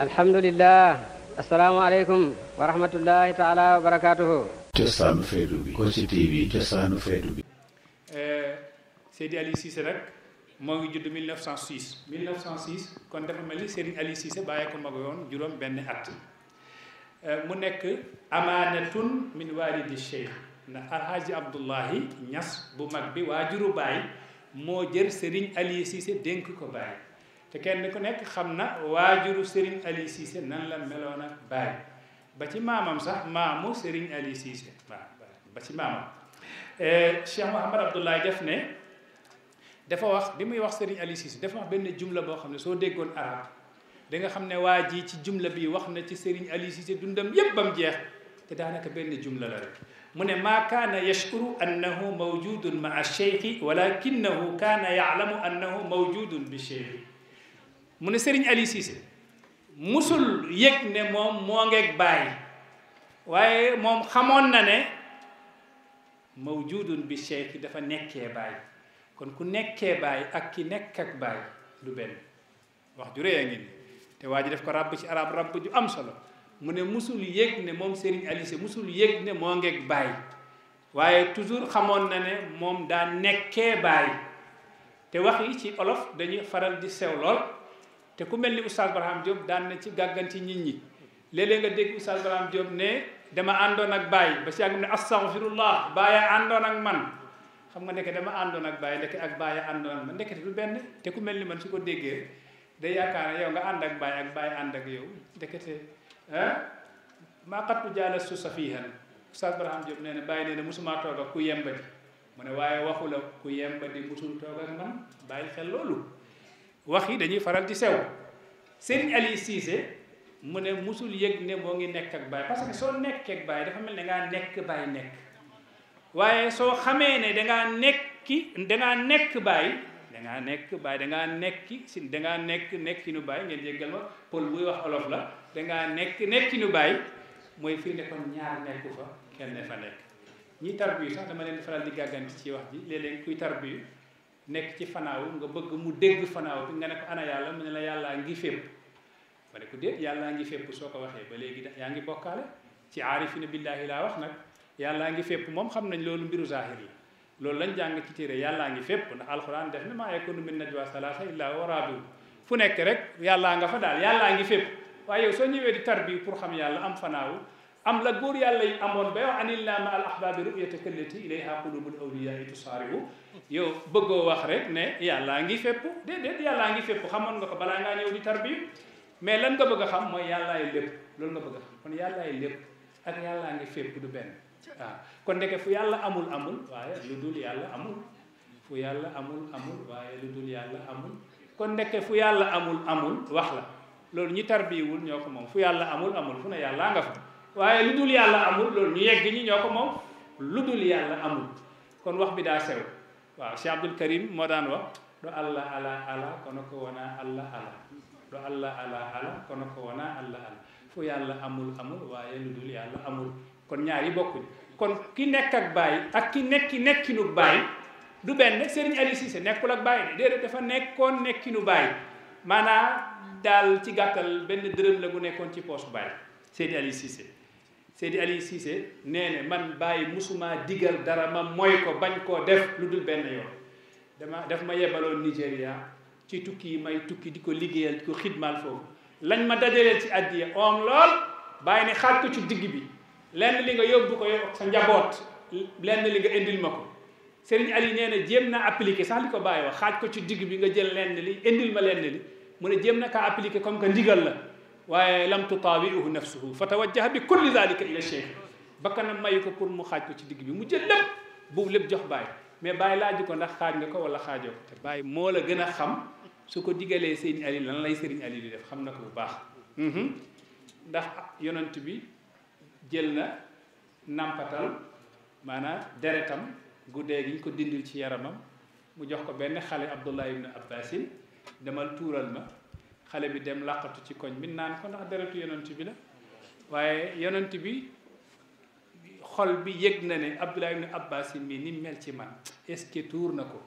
الحمد لله السلام عليكم ورحمة الله تعالى وبركاته جسان فيدوبي كوتي تي في جسان فيدوبي سيدي علي سيسي رك موجود 1906 1906 كنت في ملي سيدي علي سيسي بايكو مغيون جروم بن أت منك أمانة من والد الشيخ نا الحاج عبد الله نياس بو ماك بي واجورو باي مو جير سيرين علي سيسي دينك كو باي te kenn ku nekk xam na waajuru Serigne Ali Cissé nan la meloon ak baay ba ci maamam sax maamu Serigne Ali Cissé waaw ba ci maamam Cheikh Mouhamad Abdoulaye def ne dafa wax bi muy wax Serigne Ali Cissé dafa wax benn jumla boo xam ne soo déggoon arab da nga xam ne waa ji ci jumla bi wax na ci Serigne Ali Cissé dundam yépp bam jeex te daanaka benn jumla la rek mu ne maa kaana yashkuru annahu mawjudun maa cheikhi walakinahu kaana yaalamu annahu mawjudun bi cheikhi mu ne sëriñ Ali Cissé musul yëg ne moom moo ngeeg bàyyi waaye moom xamoon na ne mawjudun bi dafa nekkee bàyyi kon ku nekkee bàyyi ak ki nekk ak du benn wax ju rëy te waa ji def ko ràbb ci arab ràbb ju am solo mu ne musul yëg ne moom Serigne Ali Cissé musul yëg ne moo waaye toujours xamoon na ne moom daa nekkee bàyyi te wax yi ci olof dañuy faral di sew lool te ku mel ni oustaz Barham Diop daan na ci gàgganti nit ñi léeg-léeg nga dégg oustaz Barham Diop ne dama àndoon ak bàyyi ba si yàgg mu ne astaghfirullah Baye àndoon ak man xam nga nekk dama àndoon ak Baye ndeke ak Baye àndoon ak man ndekete du benn te ku mel ni man su ko déggee day yaakaar ne yow nga ànd ak Baye ak Baye ànd ak yow ndekete ah maa qattu jaalastu safihan oustaz Barham Diop nee na bàyyi nee na musuma toog ak ku yembadi mu ne waaye waxu la ku yembadi musul toog ak man loolu wax yi dañuy faral di sew Serigne ali Cissé mu ne musul yeg ne mo ngi nek ak bay parce que so nek ak bay dafa xamé ne da nekk nek nekk da nga nek ne da nga nek nekk da nga nekk baay da nga nek nek nekk nu bay ngeen jéggal ma pol buy wax olof la nek nekk nu bay moy fi ne kon ñaar nekku fa kenn fa nekk ñi tarbiyu sax dama leen faral di gagan ci wax ji leen kuy tarbiyu nekk ci fanaaw nga bëgg mu dégg fanaaw bi nga ne ko ana yàlla mu ne la yàllaa ngi fépp ma ne ko déet yàllaa ngi fépp soo ko waxee ba léegi yaa ngi bokkaale ci aarifina billaahi laa wax nag yàllaa ngi fépp moom xam nañ loolu mbiru zaahir la loolu lañ jàng ci téere yàllaa ngi fépp ndax alxuraan def na maa yakuunu min najwaa salaasa illaa huwa raabi'uhum fu nekk rek yàllaa nga fa daal yàllaa ngi fépp waaye soo ñëwee di tarbi pour xam yàlla am fanaaw am la góor yàlla yi amoon ba yow anilla ma al ahbaabi ruyataka allati ilayha qulubul awliyaai tusaariu yow bëggoo wax rek ne yàllaa ngi fépp déedéet yàllaa ngi fépp xamoon nga ko balaa ngaa ñëw di tarbiyu mais lan nga bëgg a xam mooy yàllaay lépp loolu nga bëgg a xam kon yàllaay lépp ak yàllaa ngi fépp du benn waaw kon ndeke fu yàlla amul amul waaye lu dul yàlla amul fu yàlla amul amul waaye lu dul yàlla amul kon ndeke fu yàlla amul amul wax la loolu ñi tarbiwul ñoo ko moom fu yàlla amul amul fu ne yàllaa nga fa waaye lu dul yàlla amul loolu ñu yegg ñi ñoo ko moom lu dul yàlla amul kon wax bi daa sew waaw Cheikh Abdul Karim moo daan wax do allah ala ala kon ko ko wona allah ala fu yàlla amul amul waaye lu dul yàlla amul kon ñaari bokkuñ kon ki nekk ak bàyyi ak ki nekki nekkinu bàyyi du benn Serigne Aliou Cissé nekkul ak bàyyi déedéet dafa nekkoon nekkinu bàyyi maanaam daal ci gàttal benn dërëm la bu nekkoon ci poche bàyyi Serigne Aliou Seydi Aliou Cissé nee ne man bàyyi musuma digal dara ma mooy ko bañ koo def lu dul benn yoon dama daf ma yebaloon Nigéria ci tukki yi may tukki di ko liggéeyal di ko xidmaal foofu lañ ma dajaleel ci addiya oom lool bàyyi ne xaaj ko ci digg bi lenn li nga yóbbu ko yow sa njaboot lenn li nga indil ma ko Serigne Aliou nee na jéem naa appliqué sax li ko bàyyi wax xaaj ko ci digg bi nga jël lenn li indil ma lenn li mu ne jéem na kaa appliqué comme que ndigal la ولم تطاوعه نفسه فتوجه بكل ذلك الى الشيخ بكنا ما يكون مخاج في ديغ بي مجل بو لب جوخ باي مي باي لا ديكو ندا خاج نكو ولا خاجو باي مولا غنا خم سوكو ديغالي سيرن علي لان لاي سيرن علي دي ديف خمنا كو باخ اها ندا يوننت بي جيلنا نامباتال مانا ديرتام غودي نكو ديندل سي يارامم مو جوخ كو بن خالي عبد الله ابن عباس دمال تورال ما xale bi dem làqatu ci koñ bi naan ko ndax deretu yonent bi la waaye yonent bi xol bi yëg na ne Abdullah ibn Abbas mii ni mel ci man est-ce tuur na ko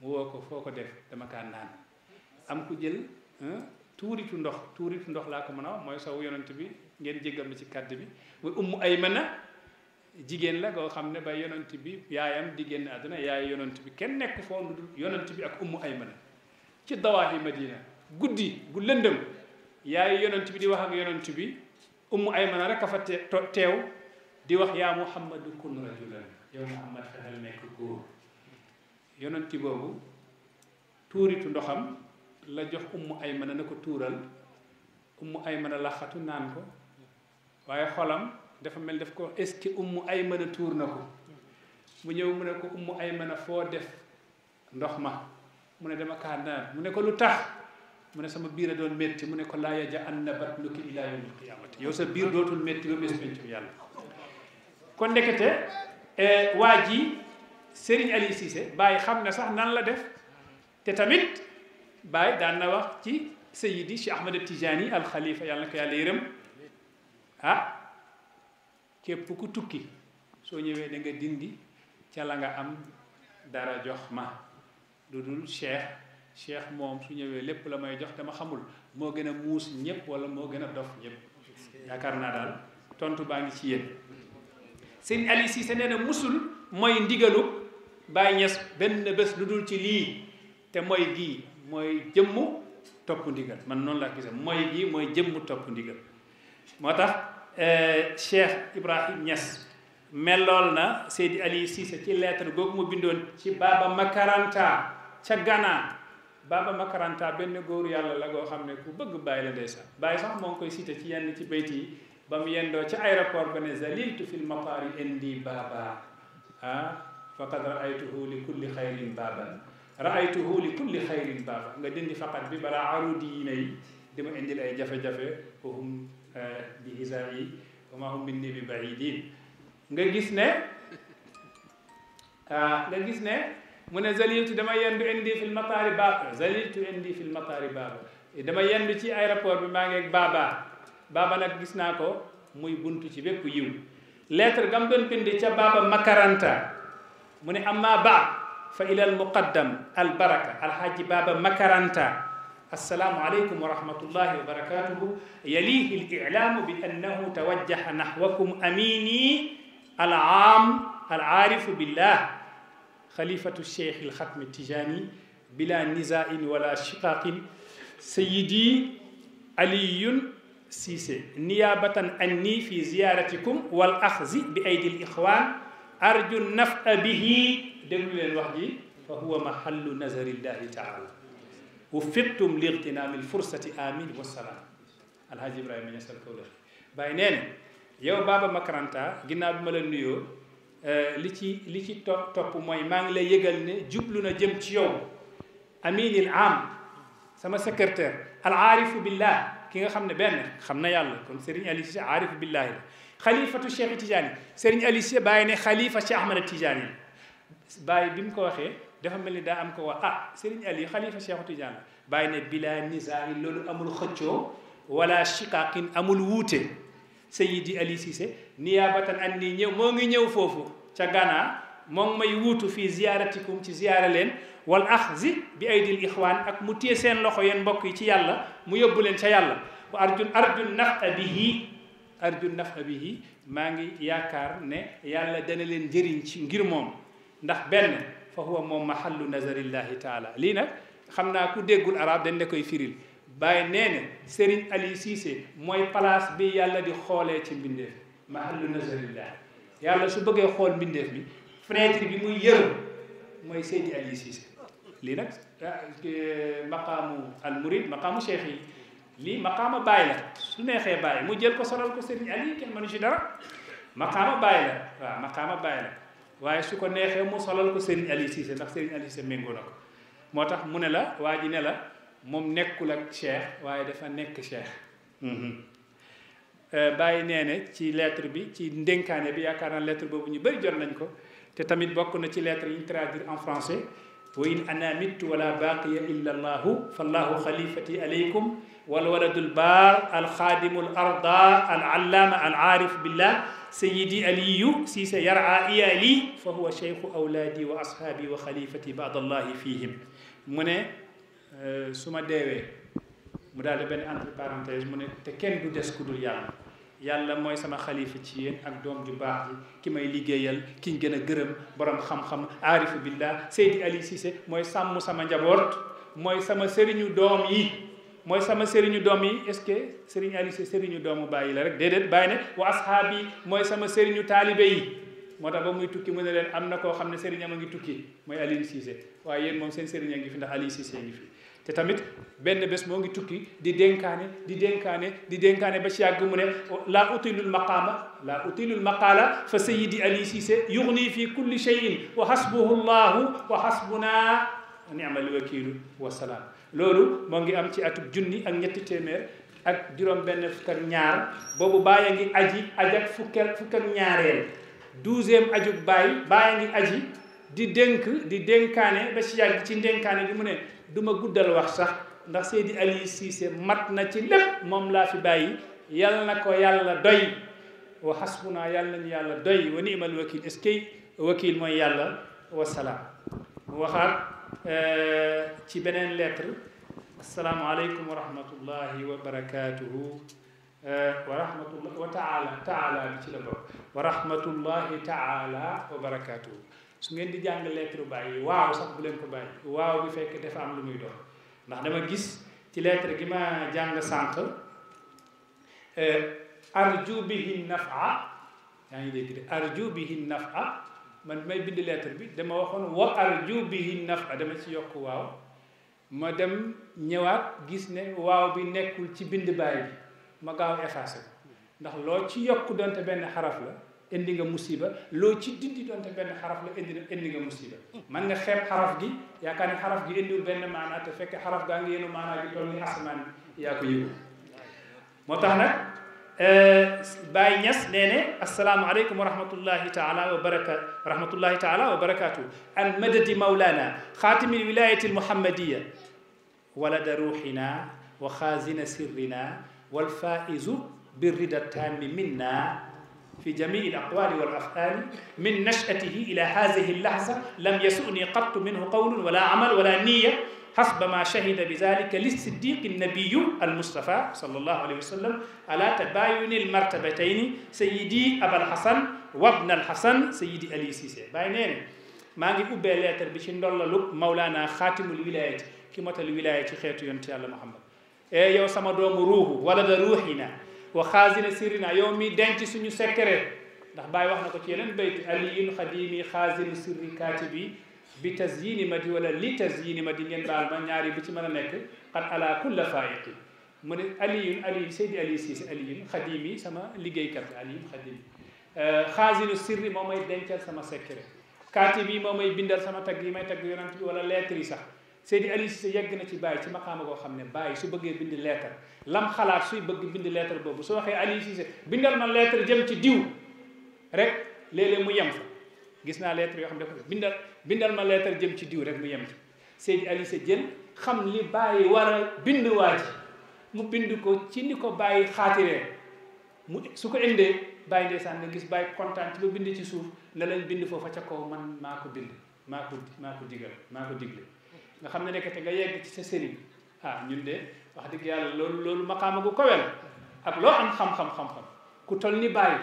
waaw mu woo ko foo ko def dama kaa naan am ku jël tuuritu ndox tuuritu ndox laa ko mën a wax mooy sow yonant bi ngeen jéggal ma ci kàdd bi muy ummu ay mën a jigéen la goo xam ne ba yonent bi yaayam di génn àdduna yaay yonent bi kenn nekk foo yonant bi ak ummu ay mën a ci dawaahi Madina guddi gu lëndëm yaay yonent bi di wax ak yonent bi ummu ay rek a fa teew di wax yaa muhammadu kun rajulan yow muhammad fexeel nekk góor yonent boobu tuuritu ndoxam la jox ummu aymana ne ko tuural ummu aymana laxatu naan ko waaye xolam dafa mel daf ko est-ce que ummu aymana tuur na ko mu ñëw mu ne ko ummu aymana foo def ndox ma mu ne dama kaa naan mu ne ko lu tax mu ne sama biir a doon métti mu ne ko laa yaja an na batnuki ilaa yawmil qiyaamati yow sa biir dootul métti ba bés péncu yàlla kon ndekete eh, waa ji sëriñ Aliou Cissé xam na sax nan la def te tamit Baye daan na wax ci Seydi Cheikh Ahmed Tijani al Khalifa yàlla na ko yàlla yërëm ah, képp ku tukki soo ñëwee da nga dindi ca la nga am dara jox ma lu dul cheikh cheikh moom su ñëwee lépp la may jox dama xamul moo gën a muus ñëpp wala moo gën a dof ñëpp yaakaar naa daal tontu baa ngi ci yéen sëñ Ali Cissé nee musul mooy ndigalu Baay Ñas benn bés lu dul ci lii te mooy gii mooy jëmm topp ndigal man noonu laa gisee mooy gii mooy jëmm topp ndigal moo tax euh, Cheikh Ibrahim Niass melool na Seydi Ali Cissé ci lettre googu mu bindoon ci Baba Makaranta ca Ghana baaba makaranta benn góor yàlla la goo xam ne ku bëgg bàyyi la ndeysaan bàyyi sax moo koy cité ci yenn ci bay yi ba mu yendoo ci aéroport ba ne zaliltu fil mataari indi baaba ah faqad raaytuhu li kulli xayrin baaba nga dindi faqat bi balaa arudi yi di ma indil ay jafe-jafe wa hum eh, bi hisaayi wa ma hum minni bi baidin nga gis ne ah, nga gis ne من زليلت دما يندو عندي في المطار باب زليلت عندي في المطار باب دما يندو تي ايرابور بي ماغي بابا بابا نك غيسناكو موي بونتو تي بيب يو لتر غام دون بيندي تي بابا مكارانتا من اما با فالى المقدم البركه الحاج بابا مكارانتا السلام عليكم ورحمة الله وبركاته يليه الإعلام بأنه توجه نحوكم أميني العام العارف بالله خليفة الشيخ الختم التجاني بلا نزاع ولا شقاق سيدي علي سيسي نيابة أني في زيارتكم والأخذ بأيدي الإخوان أرجو النفع به دمل الوحدي فهو محل نظر الله تعالى وفقتم لاغتنام الفرصة آمين والسلام الحاج إبراهيم يسأل كولر بينين يا بابا مكرانتا جناب ملنيو li ci li ci topp topp mooy maa ngi lay yëgal ne jublu jëm ci yow aminil am sama secrétaire al arif billah ki nga xamne ben xamna yàlla kon Serigne ali Cissé arif billah khalifatu Cheikh tijani Serigne ali Cissé bàyyi ne Cheikh ahmed tijani yi bim ko waxe dafa melni da am ko wa ah Serigne ali khalifa Cheikh tijani la ne bila nisaa lolu amul xëccoo wala shiqaqin amul wute Seydi Ali Cissé niyaabatan an nii ñëw moo ngi ñëw foofu ca Ghana moom may wuutu fii ziyaaratikum ci ziyaara leen wal axzi bi aydil ixwaan ak mu téye seen loxo yeen mbokk yi ci yàlla mu yóbbu leen ca yàlla wa arjun arjun nafa bihi arjun nafa bihi maa ngi yaakaar ne yàlla dana leen njëriñ ci ngir moom ndax benn fa huwa moom mahallu nazarillahi taala lii nag xam naa ku déggul arab dañ la koy firil bàyyi nee na Serigne Ali Cissé mooy place bi yàlla di xoolee ci mbindeef mahallu nazarillah yàlla su bëggee xool mbindeef bi fenêtre bi muy yërëm mooy Seydi Ali Cissé lii nag ah, euh, maqaamu al murid maqaamu cheikh yi lii maqaama bàyyi la su neexee bàyyi mu jël ko solal ko Serigne Ali kenn mënu ci dara maqaama bàyyi la waaw maqaama waaye su ko neexee mu solal ko Serigne Ali Cissé ndax Serigne Ali Cissé méngoo ko moo tax mu ne la waa ji ne la mom nekkul ak cheikh waaye dafa nekk cheikh bàyyi nee ne ci lettre bi ci ndénkaane bi yaakaar naa lettre boobu ñu bëri jot nañ ko te tamit bokk na ci lettre yi traduire en français wa in ana mittu wala baqiya illa allah allah fa khalifati alaykum wal walad al al bar khadim allahu fallahu xalifati aleykum والولد البار الخادم الأرضى العلام العارف بالله سيدي ألي fa huwa shaykh awladi wa ashabi wa khalifati ba'd allah fihim mune Euh, su ma deewee mu daal di benn entre parenthèse mu ne te kenn du des ku dul yàlla yàlla mooy sama xalifa ci yéen ak doom ju baax ji ki may liggéeyal ki gën a gërëm borom xam-xam aarifu billah Seydi Ali Cissé mooy sàmm sama njaboot mooy sama sëriñu doom yi mooy sama sëriñu doom yi est-ce que sëriñ Ali Cissé sëriñu doomu bàyyi la rek déedéet bàyyi ne wa asxaab yi mooy sama sëriñu taalibe yi moo tax ba muy tukki mu ne leen am na koo xam ne sëriñam a ngi tukki mooy Aliou Cissé waaye yéen moom seen a ngi fi ndax Aliou te tamit benn bés moo ngi tukki di dénkaane di dénkaane di dénkaane ba ci yàgg mu ne laa utilul maqaama laa utilul maqaala fa sayidi ali sise yugni fi kulli cheyin wa hasbuhu llahu wa hasbuna ni'mal wakiilu wa salaam loolu moo ngi am ci atub junni ak ñetti téeméer ak juróom benn fukk ak ñaar boobu bàyyi ngi aji ajak fukk ak fukk ak ñaareel douzième ajug ngi aji di dénk di dénkaane ba ci yàgg ci ndénkaane bi mu ne du ma guddal wax sax ndax Seydi Aliou Cissé mat na ci lépp moom laa fi bàyyi yàlla na ko yàlla doy wa xasbuna yàlla nañu yàlla doy wa ni'mal wakil est wakil mooy yàlla wa salaam euh, ci beneen lettre asalaamaaleykum wa rahmatullahi wa euh, ci la bokk su ngeen di jàng lettre bàyyi waaw sax bu leen ko bàyyi waaw bu fekk dafa am lu muy dox ndax dama gis ci lettre gi ma jàng sànq eh, arju bihi nafa yaa ngi dégg de arju bihi a man may bind lettre bi dama waxoon wa arju bihi nafa dama ci yokk waaw ma dem ñëwaat gis ne waaw bi nekkul ci bind bàyyi bi ma gaaw effacé ko ndax loo ci yokk donte benn xaraf la indi nga musiba loo ci dindi donte benn xaraf la indi indi nga musiba man nga xeeb xaraf gi yaakaar ne xaraf gi indiwul benn maanaa te fekk xaraf gaa ngi yenu maanaa gi toll ni asamaan bi yaa ko yëgu moo tax nag Baye Niass nee ne asalaamualeykum wa rahmatullahi taala wa baraka rahmatullahi taala wa barakaatu an madadi mawlana xaatimi lwilayati almuhammadiya walada ruuxina wa xaazina sirrina walfaizu birrida taami minna في جميع الأقوال والأفعال من نشأته إلى هذه اللحظة لم يسؤني قط منه قول ولا عمل ولا نية حسب ما شهد بذلك للصديق النبي المصطفى صلى الله عليه وسلم على تباين المرتبتين سيدي أبا الحسن وابن الحسن سيدي علي سيسي باينين ما نقول بيلاتر بشين لوك مولانا خاتم الولاية كما الولاية خيرت يونتي الله محمد إيه يا سما دوم روح ولد روحنا wa xaasina sirina yow mi denc suñu secret ndax baay wax na ko ci yeneen bayt aliyun xadimi xaasinu sirri kaatibi bi tasyini ma di wala li tasyini ma di ngeen baal ma ñaari bu ci mën a nekk xat ala kulla faayiqi mu ne aliyun aliyun seydi aliyu siise aliyun xadimi sama liggéeykat aliyun xadimi euh, xaasinu sirri moo may dencal sama secret kaatibi moo may bindal sama tagg yi may tagg yonent bi wala lettre yi sax Seydi Aliou Cissé yegg na ci Baye ci maqaama goo xam ne Baye su bëggee bind leetar lam xalaat suy bëgg bind leetar boobu su waxee Aliou Cissé bindal ma leetar jëm ci diw rek léeg-léeg mu yem fa gis naa leetar yoo xam ne dafa bindal bindal ma leetar jëm ci diw rek mu yem ci Seydi Aliou Cissé xam ni Baye war a bind waa mu bind ko ci ni ko bàyyi xaatiree mu su ko indee Baye ndeysaan nga gis Baye kontaan ci ba bind ci suuf ne lañ bind foofa ca kaw man maa ko bind maa ko maa ko nga xam ne nekkate nga yegg ci sa sëriñ ah ñun de wax dëgg yàlla loolu loolu maqaama gu kowel ak loo am xam-xam xam ku tol ni bàyyi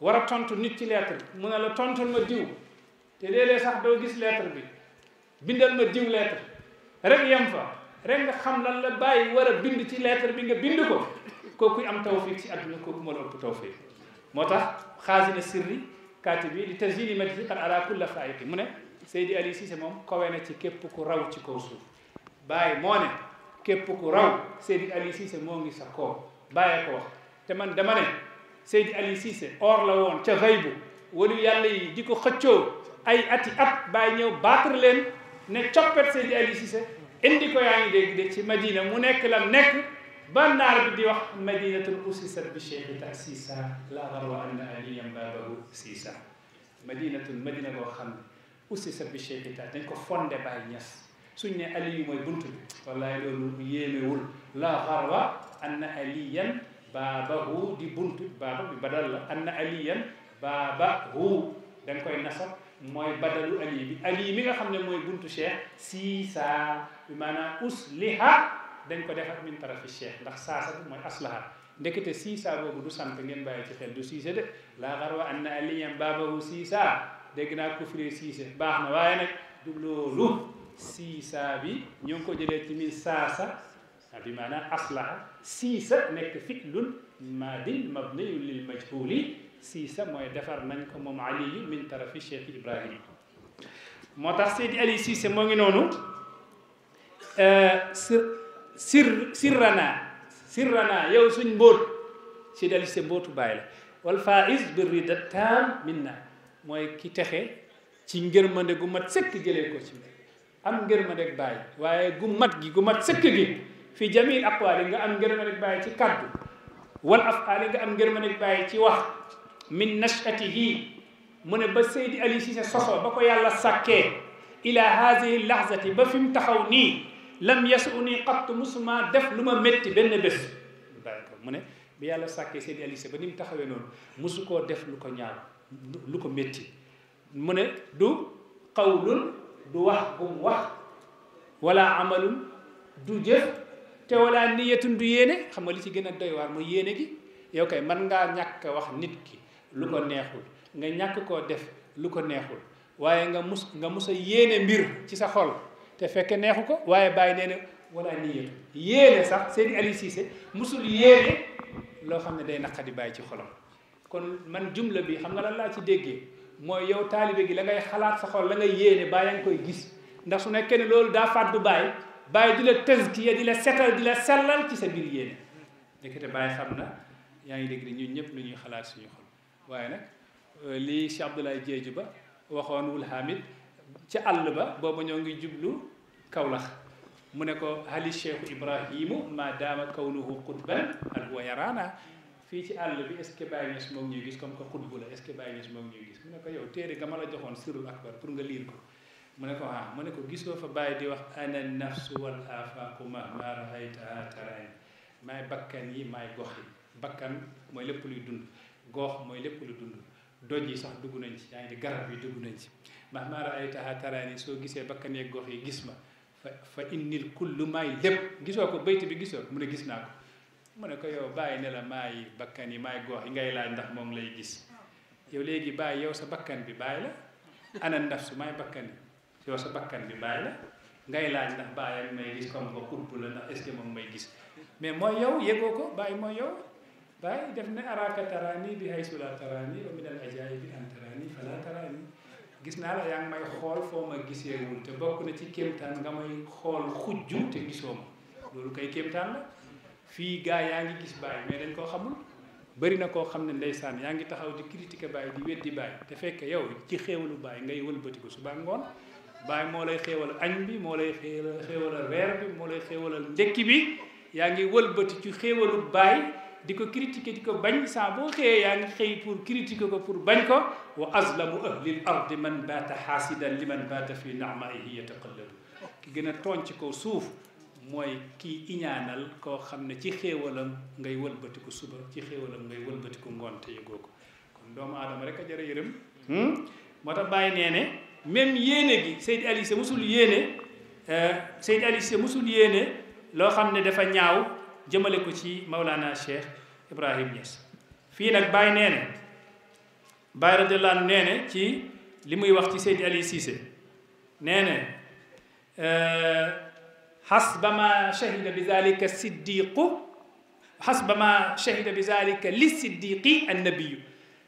war a tontu nit ci lettre mu ne la tontul ma diw te léeg-léeg sax doo gis lettre bi bindal ma diw lettre rek yem fa rek nga xam lan la bàyyi war a bind ci lettre bi nga bind ko kookuy am taw tawfiq ci àdduna kooku moo la ëpp tawfiq moo tax ne sirri kaati bi di tasili madihi qad ala kulla mu ne Seydi Aliou Cissé moom kawe na ci képp ku raw ci kaw suuf Baye moo ne képp ku raw Seydi Aliou Cissé moo ngi sa kaw Baye ko wax te man dama ne Seydi Aliou Cissé or la woon ca xëybu walu yàlla yi di ko xëccoo ay ati at Baye ñëw battre leen ne coppet Seydi Aliou Cissé indi ko yaa ngi dégg de ci Madina mu nekk lam nekk ba naar bi di wax madinatul usisat bi cheikhi tasisa la garwa anna aliyam babahu sisa madinatul madina boo xam ne ussisa bi ta dañ ko fondé bàyyi ñes suñ ne aliyu mooy buntu bi wallahi loolu wul la xarwa anna aliyan baabahu di buntu baba bi badal la anna aliyan baabahu dañ koy nasab mooy badalu ali bi ali mi nga xam ne mooy buntu cheikh siisa bi maanaam usliha dañ ko defar min tarafi cheikh ndax saasa bi mooy aslaha ndekete siisa sisa, du sant ngeen bàyyi ci xel du siise de la xarwa anna aliyan baabahu siisa degna ko ku sise baxna waye nak waaye nag du loolu siisaa bi ñong ko jëlee ci min sasa bi mana asla sisa nek fitlun maadin mabniyun lil majhuli sisa moy defar nañ ko mom ali min tarafi cheikh ibrahim motax sidi ali siise mo ngi nonu euh sir sirrana sirrana yow suñ mbot seydi ali siise mbóotu bàyyi la wal faiz bi rida minna moy ki texe ci ngërmande gu mat sëkk jëlé ko ci am ngërmande ak bàyyi waye gu mat gi gu mat sëkk gi fi jami'il aqwali nga am ngërmande ak bàyyi ci kàddu wal af'ali nga am ngërmande ak bàyyi ci wax min nashatihi mune ba Seydi Ali Cissé soxo ba ko yàlla sakke ila hadhihi lahzati ba fim mu lam yas'uni qat musma def luma métti ben bés mune bi yàlla sakke Seydi Ali ci ba nim taxawé non musuko def luko ko lu ko metti mu ne du xawlul du wax gum wax wala amalul du jëf te wala niyatun du yéene xam nga li ci gën a doy waar mooy yéene gi yow kay man ngaa ñàkk wax nit ki lu ko neexul nga ñàkk koo def lu ko neexul waaye nga mus nga musa a yéene mbir ci sa xol te fekk neexu ko waaye bàyyi nee ne wala niyatu yéene sax seen ali siise musul yéene loo xam ne day naqadi bàyyi ci xolam kon man jumla bi xam nga lan la ci déggé moy yow talibé gi la ngay xalaat sa xol la ngay yéene ba yaa koy gis ndax su nekkee ne da daa du bay bay di la tëskiya di la setal di la sellal ci sa bir yéene nekete bay xamna na dégg ni ñun ñëpp lu ñuy xalaat suñu xol waye nak li Cheikh Abdoulaye Diédhiou ba waxoon wul Hamid ci àll ba booba ñoo ngi jublu Kawlax mu ne ko hali cheikh ibrahim ma dama kawnuhu qutban al wayrana fii ci àll bi est ce que Baye Niass moom ñuy gis comme que xutbu la est ce que Baye Niass moom ñuy gis mu ne ko yow téere ga ma la joxoon sirul akbar pour nga liir ko mu ne ko ah mu ne ko gisoo fa Baye di wax ana nafsu wal afaqu mahma rahaytaha tarain maay bakkan yi maay gox yi bakkan mooy lépp luy dund goox mooy lépp lu dund doj yi sax dugg nañ ci yaa ngi di garab yi dugg nañ ci mahma rahaytaha tarain yi soo gisee bakkan yeeg gox yi gis ma fa fa innil kullu maay lépp gisoo ko bayt bi gisoo mu ne gis naa ko mu ne ko yow bàyyi ne la maay bakkan yi may goox yi ngay laaj ndax moom lay gis yow léegi bàyyi yow sa bakkan bi bàyyi la ana nafsu maay bakkan yi yow sa bakkan bi bàyyi la ngay laaj ndax bàyyi ak may gis la ndax may gis mais mooy yow yëgoo ko bàyyi mooy yow bàyyi def ne araaka taraani bi haysu laa taraani gis naa la yaa ngi may xool foo ma giseewul te bokk na ci kéemtaan nga may xool xujju te gisoo ma loolu kay kéemtaan la fii gaa yaa ngi gis Baye mais dañ koo xamul bëri na koo xam ne ndeysaan yaa ngi taxaw di critiquer Baye di weddi Baye te fekk yow ci xéewalu Baye ngay wëlbatiku suba ngoon Baye moo lay xéewal añ bi moo lay xéewalal reer bi moo lay xéewalal ndekki bi yaa ngi wëlbati ci xéewalu Baye di ko critiquer di ko bañ saa boo xëyee yaa ngi xëy pour critiquer ko pour bañ ko wa azlamu ahlil ardi man baata xaasidan li man baata fi naamaihi yataqalladu ki gën a tooñ ci kaw suuf mooy kii iñaanal koo xam ne ci xéewalam ngay wëlbatiku suba ci xéewalam ngay wëlbatiku ngoonte yëgoo ko kon doomu aadama rek a jara yërëm hmm? moo tax bàyyi nee ne même yéene gi Seydi Ali Cissé yéene euh, Seydi Ali Cissé yéene loo xam ne dafa ñaaw jëmale ko ci Maulana Cheikh Ibrahim Niass fii nag bàyyi nee bàyyi radiyallahu anhu ci li muy wax ci Seydi Ali Cissé nee ne euh, حسب ما شهد بذلك الصديق حسب ما شهد بذلك للصديق النبي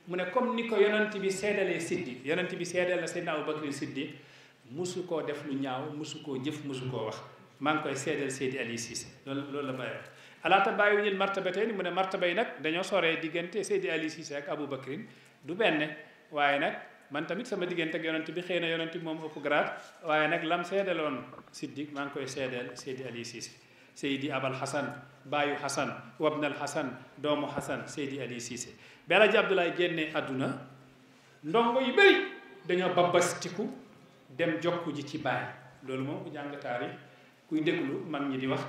من كم نيكو يونتي بي سيدال سيدي يونتي بي سيدال سيدنا ابو بكر الصديق مسوكو ديف لو نياو مسوكو جيف مسوكو واخ مانكوي سيدال سيدي علي سيس لول لا باي على تبايو ني المرتبتين من مرتبه نك دانيو سوري ديغنتي سيدي علي سيس ابو بكر دو بن واي نك man tamit sama digënté ak yonent bi xëy na yonent mom moom ëpp grade waaye nag lam seedaloon siddiq maa ngi koy sédel sidi Ali Cissé sidi Abal Hasan, Bayu hasan wabn al Hasan, doomu Hasan, sidi Ali Cissé bela ji abdullah genné aduna ndongo yi bari dañu babastiku dem jokku ji ci bay loolu mom ku jàng taarix kuy deglu mag ñi di wax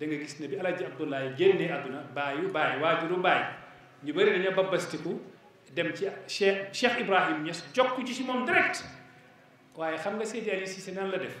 da nga gis ne bi Bayu abdullah genné aduna bayu bay wajuru bay ñu bari dañu babastiku dem ci Cheikh Ibrahim Niass jokk ci si moom direct waaye xam nga Seydi Aliou Cissé nan la def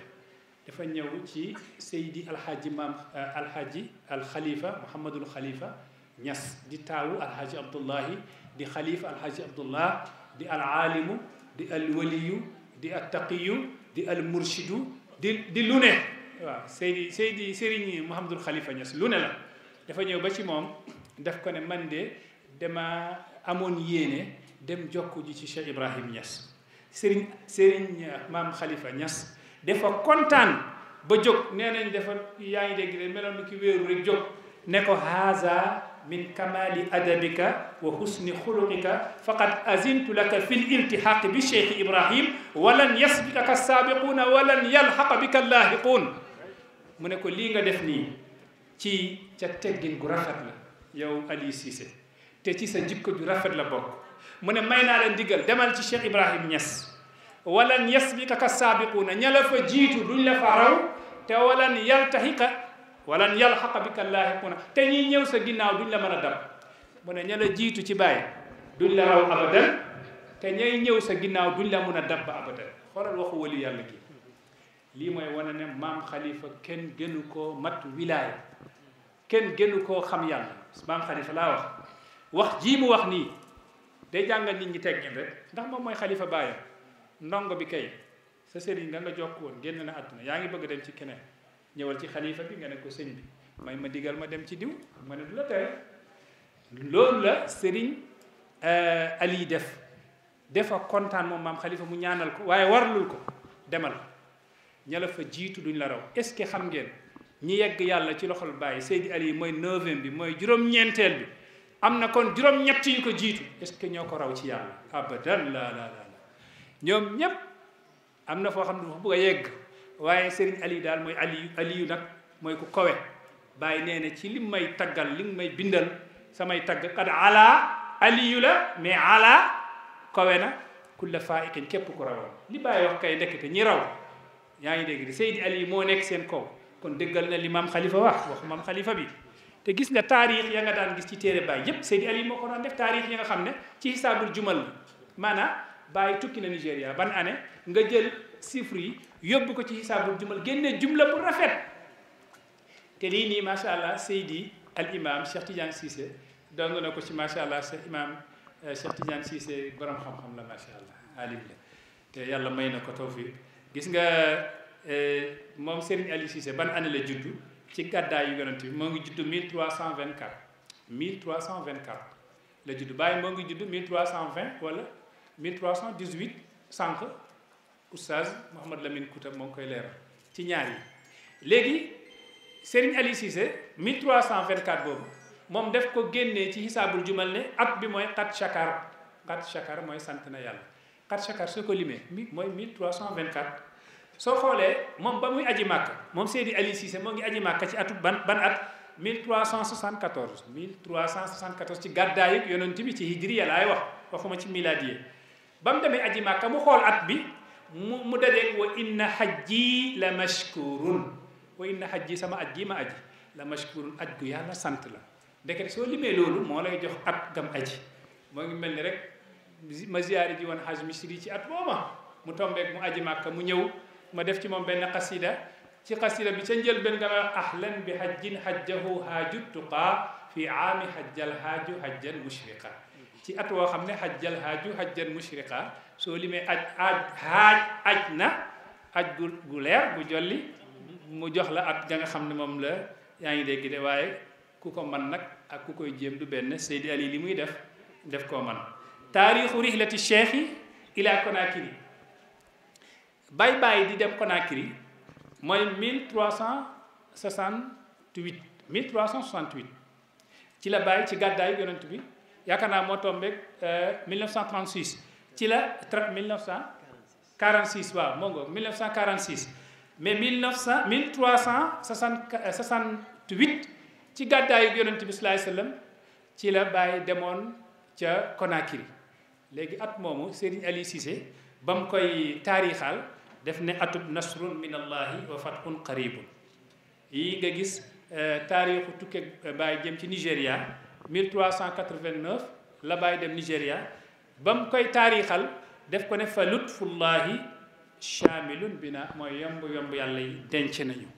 dafa ñëw ci Seydi Alhaji maam Alhaji Alkhalifa Mouhamadul Khalifa Niass di al Alhaji Abdullahi di Khalifa al Alhaji Abdullah di alaalimu di alwaliyu di attaqiyu di almurshidu di di lu ne waaw Seydi Seydi Serigne Mouhamadul Khalifa Niass lu ne la dafa ñëw ba ci moom daf ko ne man de dama amoon yéene dem jokku ji ci Cheikh Ibrahim Niass Serigne Serigne maam Khalifa Niass dafa kontaan ba jóg nee nañ dafa yaa ngi dégg de meloon ki wéeru rek jóg ne ko haza min kamali adabika wa husni xuluqika faqad azintu laka fi liltihaqi bi cheikh ibrahim walan yasbikaka saabiquuna walan yalxaqa bika laahiquun mu ne ko lii nga def nii ci ca teggin gu rafet la yow ali Cissé te ci sa jikko ju rafet la bok mu ne may naa la ndigal demal ci Cheikh Ibrahim Niass walan yasbika ka saabiquuna ña fa jitu duñ la fa raw te walan yaltaxiqa walan yalxaqa bika laaxiquuna te ñi ñëw sa ginnaaw duñ la mëna dab mu ne ña la ci bàyyi duñ la raw abadan te ñay ñëw sa ginnaaw duñ la mëna dab abadan xolal waxu wali yàlla gi li moy wonane mam khalifa ken genuko mat wilaya ken genuko xam yàlla mam khalifa la wax wax jii mu wax nii day jàngal nit ñi teggin rek ndax moom mooy xalifa baayam ndongo bi kay sa sëriñ nga la jokk woon génn na àdduna yaa ngi bëgg dem ci keneen ñëwal ci xalifa bi nga ne ko sëñ bi may ma digal ma dem ci diw xam ne du la tere loolu la sëriñ eh, Ali def defa kontaan moom maam xalifa mu ñaanal ko waaye warlul ko demal ña la fa jiitu duñ la raw est-ce que xam ngeen ñi yegg yàlla ci loxol bàyyi Seydi Ali mooy neuvième bi mooy juróom-ñeenteel bi am na kon juróom-ñett yu ko jiitu est que ñoo ko raw ci yàlla abadan la la la ñoom ñépp am na foo xam ne dafa bëgg a yegg waaye Serigne Ali daal mooy Aliyu Aliyu nag mooy ko kowe bàyyi nee ne ci li may taggal li may bindal samay tagg kat ala Aliyu la mais ala kowe na kulla faa'iqin képp ku rawoon li bàyyi wax kay ndekete ñi raw yaa ngi dégg di Seydi Aliyu moo nekk seen kaw kon dëggal na li maam Khalifa wax wax maam Khalifa bi te gis nga taarix ya nga daan gis ci téere Baye yépp Seydi Ali moo ko daan def taarix ya nga xam ne ci hisaabul jumal la maanaam Baye tukki na Nigéria ban année nga jël chiffre yi yóbbu ko ci hisaabul jumal génne jumla bu rafet te lii nii macha allah Seydi al imam Cheikh Tidiane Cissé dong na ko ci macha allah sa imam euh, Cheikh Tidiane Cissé borom xam-xam la macha allah alim la te yàlla may na ko tawfiq gis nga euh, moom Serigne Ali Cissé ban année la juddu. ci gadda yu yonent bi moo ngi juddu 1324 1324 la juddu bàyyi moo ngi juddu 1320 wala 1318 sank oustaz mohammed Lamine Kouta mo ngi koy leeral ci ñaar yi Serigne Ali Cissé 1324 boobu moom def ko génnee ci hisabul jumal ne at bi moy xat chakar xat chakar moy sant na yàlla xat chakar soo ko 1324 soo xoolee moom ba muy aji màkk moom Seydi Ali moo ngi aji màkk ci atu ban ban at 1374 1374 ci gàddaayu yonent bi ci hijriya laay wax waxuma ci miladiye ba mu demee aji màkka mu xool at bi mu mu dajeeg wa inna hajji la mashkurun wa inna hajji sama aj gi ma aji la mashkurun aj gu yàlla sant la ndekete soo limee loolu moo lay jox at gam aji moo ngi mel ni rek ma ziyaari ji woon haj misri ci at booma mu tombeeg mu aji màkka mu ñëw ma def ci moom benn xasida ci xasida bi ca njël benn dama ahlan bi hajjin hajjahu haaju tuqaa fi aami hajjal haaju hajjan mushriqa ci at woo xam ne hajjal haaju hajjan mushriqa soo limee aj aj haaj aj na aj gu gu leer bu jolli mu jox la at ga nga xam ne moom la yaa ngi dégg de waaye ku ko man nag ak ku koy jéem du benn Seydi Ali li muy def def koo man taarixu rihlati cheikhi ila Konakiri bay bay di dem Conakry moy 1368 1368 ci la bay ci gaday yonent bi yaakaar naa 1936 euh, ci la 1946 1946 mais 1900 1368 ci gaday yonent sallam ci la bay demone ca Conakry at momu Serigne Ali Cissé bam koy def atub nasrun min allahi wa fathun qaribun yi nga gis taarixu tukke Baay jëm ci Nigéria 1389 la Baay dem Nigéria ba mu koy taarixal def ko ne fa lutfullahi chamilun bina mooy yomb yomb yàlla yi denc nañu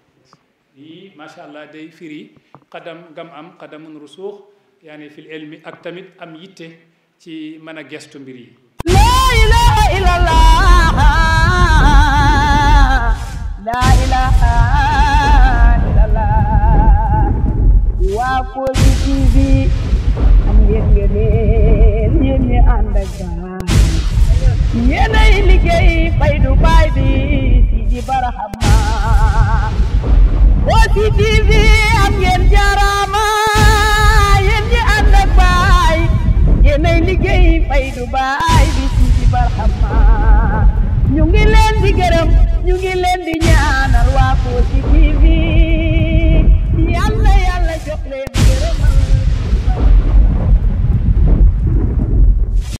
yi macha day firi xadam ngam am xadamun rusuux yaani fil ilmi ak tamit am yitte ci mën gestu mbir la ilaha illallah laa ilaaha illallah waa Kossy TV am ngeen ngeen yéen ñi ànd ak gaal liggéey faydu baay bi Sidi Barhama Kossy TV am ngeen jaaraama yéen ñi ànd ak baay yéenay liggéey faydu baay bi Sidi Barhama ñu ngi leen di gërëm ñu ngi leen di ñaanal waa Kossy